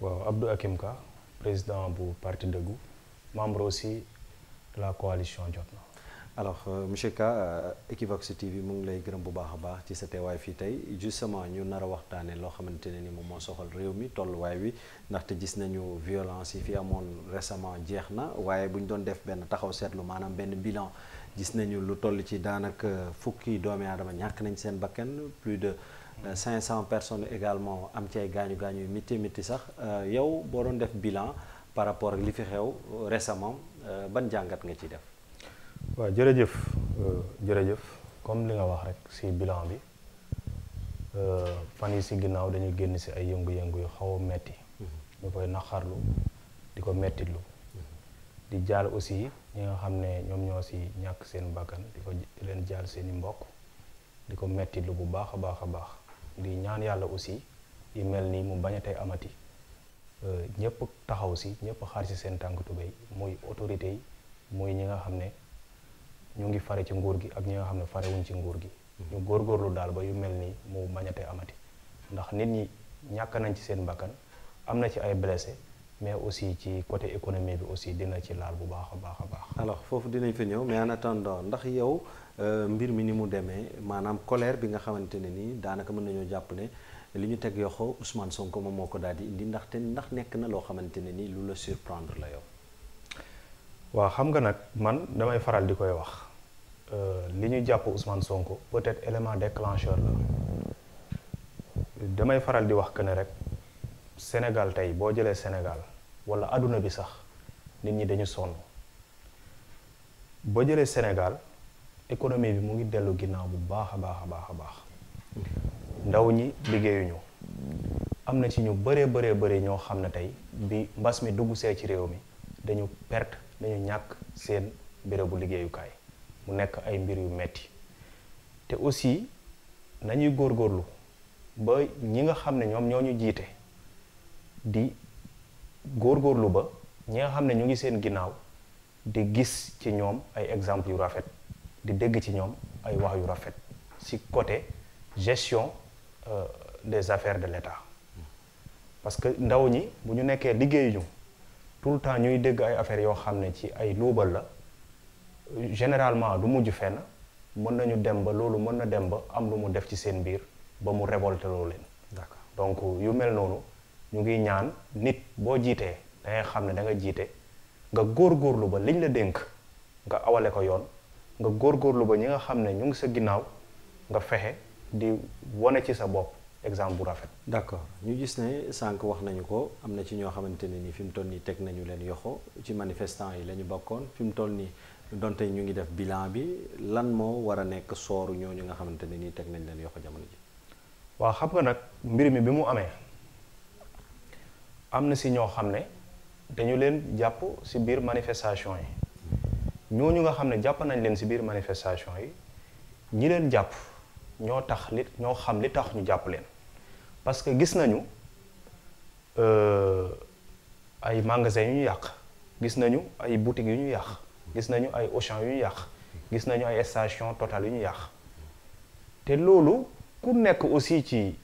waaw Abdou Hakim Ka président bu parti Dëggu membre aussi la coalition jot alors euh, monsieur Ka euh, Equivox TV mu ngi lay gërëm bu baax a baax ci sa teewaay fii tey justement ñu nar a waxtaanee loo xamante ne ni moom moo soxal réew mi tolluwaay wi ndaxte gis nañu violence yi fi amoon récemment jeex na waaye bu ñu doon def benn taxaw seetlu maanaam benn bilan gis nañu lu toll ci daanaka fukki doomi aadama ñàkk nañ seen bakkan plus de. Euh, cinq cent personnes également am ci ay gaañu gaañu yu métti mitti sax euh, yow boo doon def bilan par rapport ak li fi xew euh, récemment ban jàngat nga ciy def. waa jërëjëf jërëjëf comme li nga wax rek si bilan bi fan yi si ginnaaw dañuy génn si ay yëngu-yëngu yu xaw a metti mhm. ñu koy naqarlu di ko mettitlu mhm. di jaal aussi ñi nga xam ne ñoom ñoo ci ñàkk seen bakkan di ko leen jaal seeni mbokk di ko mettitlu bu baax a baax a baax. di ñaan yàlla aussi yu mel nii mu bañ a tey amati euh, ñëpp taxaw si ñëpp xaar si seen tànk tubéy muy autorités yi muy ñi nga xam ne ñu ngi fare ci nguur gi ak ñi nga xam ne farewuñ ci nguur gi ñu góor góorlu daal ba yu mel nii mu bañ a tey amati ndax nit ñi ñàkk nañ ci seen mbakkan am na ci ay blessé mais aussi ci côté économie bi aussi dina ci laal bu baax a baax a baax. alors foofu dinañ fa ñëw mais en attendant ndax yow euh, mbir mi ni mu demee maanaam colère bi nga xamante ne nii daanaka mën nañoo jàpp ne li ñu teg yoxo Ousmane Sonko moom moo ko daal di indi ndaxte ndax nekk na loo xamante ne nii lu la surprendre la yow. waaw xam nga nag man damay faral di koy wax euh, li ñu jàpp Ousmane Sonko peut-être élément déclencheur la damay faral di wax que rek. senegal tey boo jëlee senegal wala àdduna bi sax nit ñi dañu sonn boo jëlee senegal économie bi mu ngi dellu ginnaaw bu baax a baax a baax a baax ndaw ñi liggéeyuñu am na ci ñu bëree bëree bëri ñoo xam ne tey bi mbas mi dugg see ci réew mi dañu perte dañu ñàkk seen bérébu liggéeyukaay mu nekk ay mbir yu metti te aussi nañuy góorgóorlu ba ñi nga xam ne ñoom ñoo ñu jiite di góor góorgóorlu ba ñi nga xam ne ñu ngi seen ginnaaw di gis ci ñoom ay exemple yu rafet di dégg ci ñoom ay wax yu rafet si côté gestion euh, des affaires de l'État parce que ndaw ñi bu ñu nekkee liggéeyuñu tout le temps ñuy dégg ay affaires yoo xam ne ci ay luubal la généralement du mujj fenn mën nañu dem ba loolu mën na dem ba am lu mu def ci seen biir ba mu révolté loo leen. d'accord yu mel noonu. ñu ngi ñaan nit boo jiitee da xam ne da nga jiite nga góor góorlu ba liñ la dénk nga awale ko yoon nga góor góorlu ba ñi nga xam ne ñu ngi sa ginnaaw nga fexe di wane ci sa bopp exemple bu rafet. d'accord ñu gis ne sànq wax nañu ko am na ci ñoo xamante ne ni fi mu toll nii teg nañu leen yoxo ci manifestant yi la ñu bokkoon fi mu toll nii donte ñu ngi def bilan bi lan moo war a nekk sooru ñooñu nga xamante ne nii teg nañ leen yoxo jamono ji. waaw xam nga nag mbir mi bi mu amee. am na si ñoo xam ne dañu leen jàpp si biir manifestation yi ñu nga xam ne jàpp nañ leen si biir manifestation yi ñi leen jàpp ñoo tax li ñoo xam li tax ñu jàpp leen parce que gis nañu euh, ay magasin yu ñu yàq gis nañu ay boutiques yu ñu yàq gis nañu ay Auchan yu ñu yàq gis nañu ay station Total yu ñu yàq te loolu ku nekk aussi ci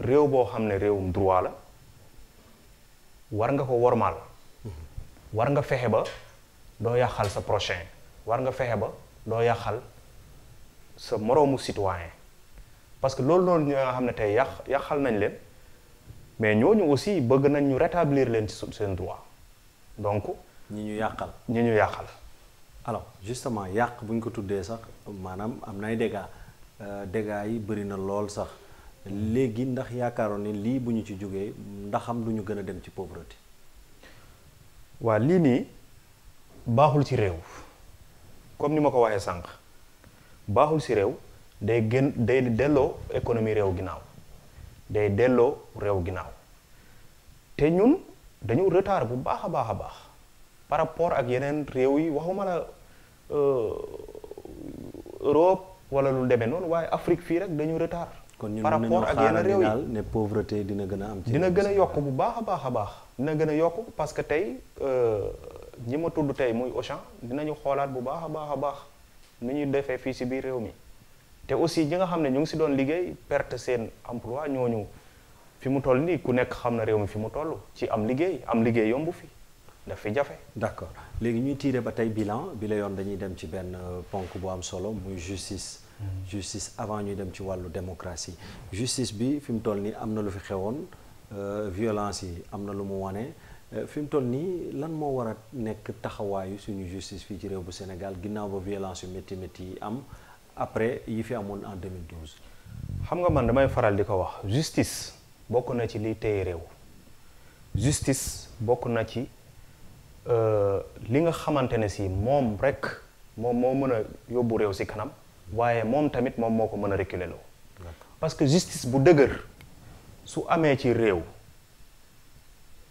réew boo xam ne réewum droit la war nga ko wormaal war nga fexe ba doo yàqal sa prochain war nga fexe ba doo yàqal sa moroomu citoyen parce que loolu noonu nga xam ne tey yàq yàqal nañ leen mais ñooñu aussi bëgg nañ ñu rétablir leen ci seen droit donc. ñi ñu yàqal ñi ñu yàqal. alors justement yàq bu ñu ko tuddee sax maanaam am nay dégâts euh, dégâts yi bëri na lool sax. léegi ndax yaakaaroon ne lii bu ñu ci jógee ndaxam lu ñu gën a dem ci pauvreté. waa lii nii baaxul ci réew comme ni ma ko waxee sànq baaxul ci réew day gën day delloo économie réew ginnaaw day delloo réew ginnaaw te ñun dañu retard bu baax a baax a baax par rapport ak yeneen réew yi waxuma la euh, Europe wala lu demee noonu waaye Afrique fii rek dañu retard. par rapport ak yenn réew yi ne pauvreté dina gën a am. dina gën a yokk bu baax a baax a baax dina gën a yokk parce que tey euh, ñi ma tudd tey muy Auchan dinañu xoolaat bu baax a baax a baax nu ñuy defee fii si biir réew mi te aussi ñi nga xam ne ñu ngi si doon liggéey perte seen ñoo ñu fi mu toll nii ku nekk xam na réew mi fi mu toll ci am liggéey am liggéey yombu fi daf fi jafe. d'accord léegi ñuy tiire ba tey billan bi la yoon dañuy dem ci benn euh, ponk bu am solo muy justice. justice avant ñuy dem ci wàllu démocratie justice bi fi mu toll nii am na lu fi xewoon euh, violence yi am na lu mu wane euh, fi mu toll nii lan moo war a nekk taxawaayu suñu justice fii ci réew bu Sénégal ginnaaw ba violence yu métti métti yi am après yi fi amoon en 2012. xam nga man damay faral di ko wax justice bokk na ci liy tey réew justice bokk na ci euh, li nga xamante ne si moom rekk moom moo mën a yóbbu réew si kanam. waaye moom tamit moom moo ko mën a reculer loo parce que justice bu dëgër su amee ci réew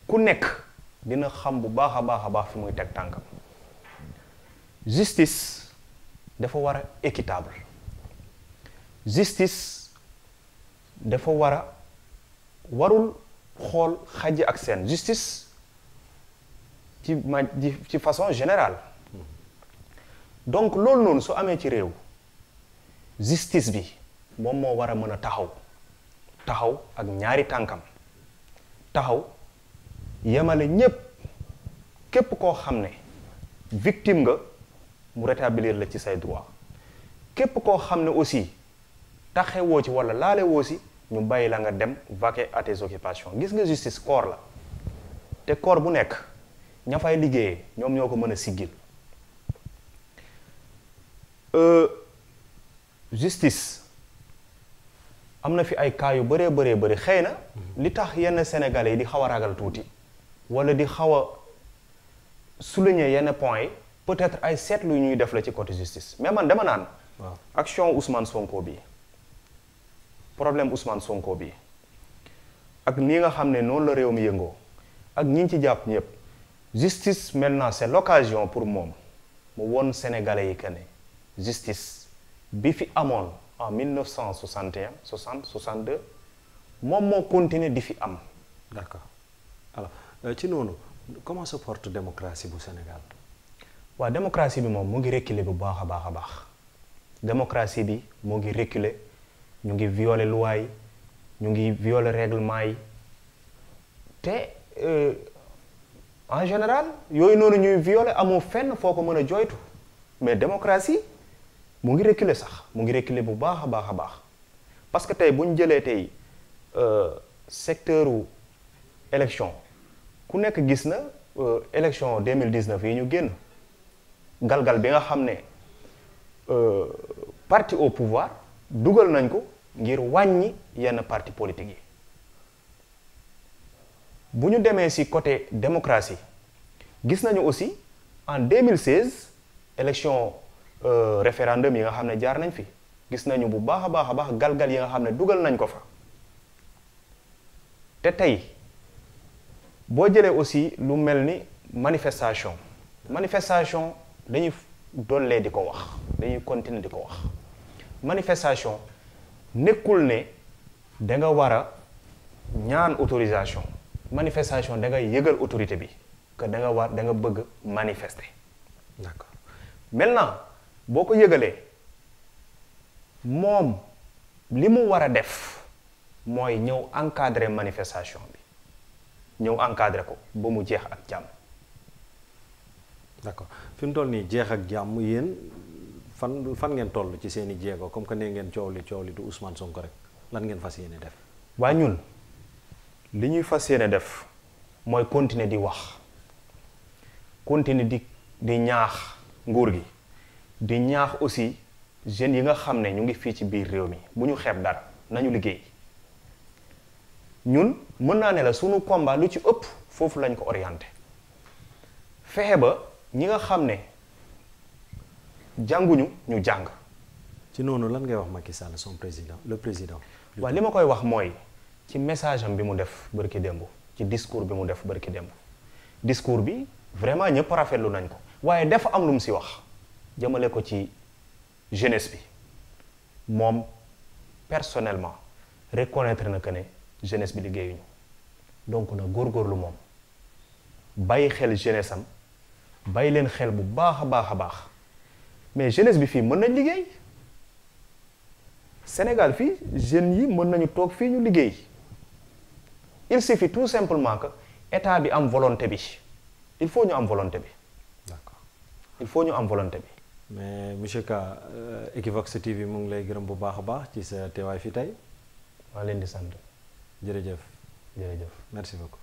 ku nekk dina xam bu baax a baax a baax fi muy teg tànkam justice dafa war a équitable justice dafa war a warul xool xaj ak seen justice ci ma ci façon général mm-hmm. donc loolu noonu su amee ci réew justice bi moom moo war a mën a taxaw taxaw ak ñaari tànkam taxaw yemale ñépp képp koo xam ne victim nga mu rétablir la ci say droit képp koo xam ne aussi taxewoo ci walla laalewoo si ñu bàyyi la nga dem vaquer à tes occupations gis nga justice corps la te corps bu nekk ña fay liggéeyee ñoom ñoo ko mën a siggil euh, justice am na fi ay cas yu bëree bëree bëri xëy na li tax yenn sénégalais yi di xaw a ragal tuuti wala di xaw a souligner yenn points yi peut-être ay seetlu ñuy def la ci côté justice mais man demanaan naan. waaw action Ousmane Sonko bi problème Ousmane Sonko bi ak ni nga xam ne noonu la réew mi yëngoo ak ñi ci jàpp ñëpp justice maintenant c'est l'occasion pour moom mu won sénégalais yi que ne justice. bi fi amoon en 1961 60 62 moom moo continuer di fi am. d'accord alors euh, ci noonu comment se porte démocratie bu Sénégal. waaw démocratie bi moom mu ngi reculer bu baax a baax a baax démocratie bi moo ngi reculer ñu ngi viole loi ñu ngi viole règlement yi te euh, en général yooyu noonu ñuy violer amoo fenn foo ko mën a jooytu mais démocratie. mu ngi reculer sax mu ngi reculer bu baax a baax a baax parce que tey bu ñu jëlee tey euh, secteur u élection ku nekk gis na euh, élection 2019 yi ñu génn galgal bi nga xam ne euh, parti au pouvoir dugal nañ ko ngir wàññi yenn parti politique yi bu ñu demee si côté démocratie gis nañu aussi en 2016 élection Euh, référendum yi nga xam ne jaar nañ fi gis nañu bu baax a baax a baax galgal yi nga xam ne dugal nañ ko fa te tey boo jëlee aussi lu mel ni manifestation manifestation dañuy dollee di ko wax dañuy continuer di ko wax manifestation nekkul ne da nga war a ñaan autorisation manifestation da nga yëgal autorité bi que da nga war da nga bëgg manifester d'accord maintenant boo ko yëgalee moom li mu war a def mooy ñëw encadrer manifestation bi ñëw encadrer ko ba mu jeex ak jàmm. d'accord fi mu toll nii jeex ak jàmm yéen fan fan ngeen toll ci seen i jéego comme que nee ngeen coow li coow li du Ousmane Sonko rek lan ngeen fas yéene def. waa ñun li ñuy fas yéene def mooy continuer di wax continuer di di ñaax nguur gi. di ñaax aussi jeunes yi nga xam ne ñu ngi fii ci biir réew mi bu ñu xeeb dara nañu liggéey ñun mën naa ne la sunu combat lu ci ëpp foofu lañ ko orienté fexe ba ñi nga xam ne jànguñu ñu jàng. ci noonu lan ngay wax Macky Sall son président le président. waaw li ma koy wax mooy ci message am bi mu def bërki démb ci discours bi mu def bërki démb discours bi vraiment ñëpp rafetlu nañ ko waaye dafa am lu mu si wax. jëmale ko ci jeunesse bi moom personnellement reconnaître na que ne jeunesse bi liggéeyuñu donc na góor góorgóorlu moom bàyyi xel jeunesse am bàyyi leen xel bu baax a baax a baax mais jeunesse bi fii mën nañ liggéey Sénégal fii jeunes yi mën nañu toog fii ñu liggéey il suffit tout simplement que état bi am volonté bi il faut ñu am volonté bi d'accord il faut ñu am volonté bi mais monsieur Ka euh, Equivox TV mu ngi lay gërëm bu baax a baax ci sa teewaay fii tey. maa leen di sant. jërëjëf. jërëjëf merci beaucoup.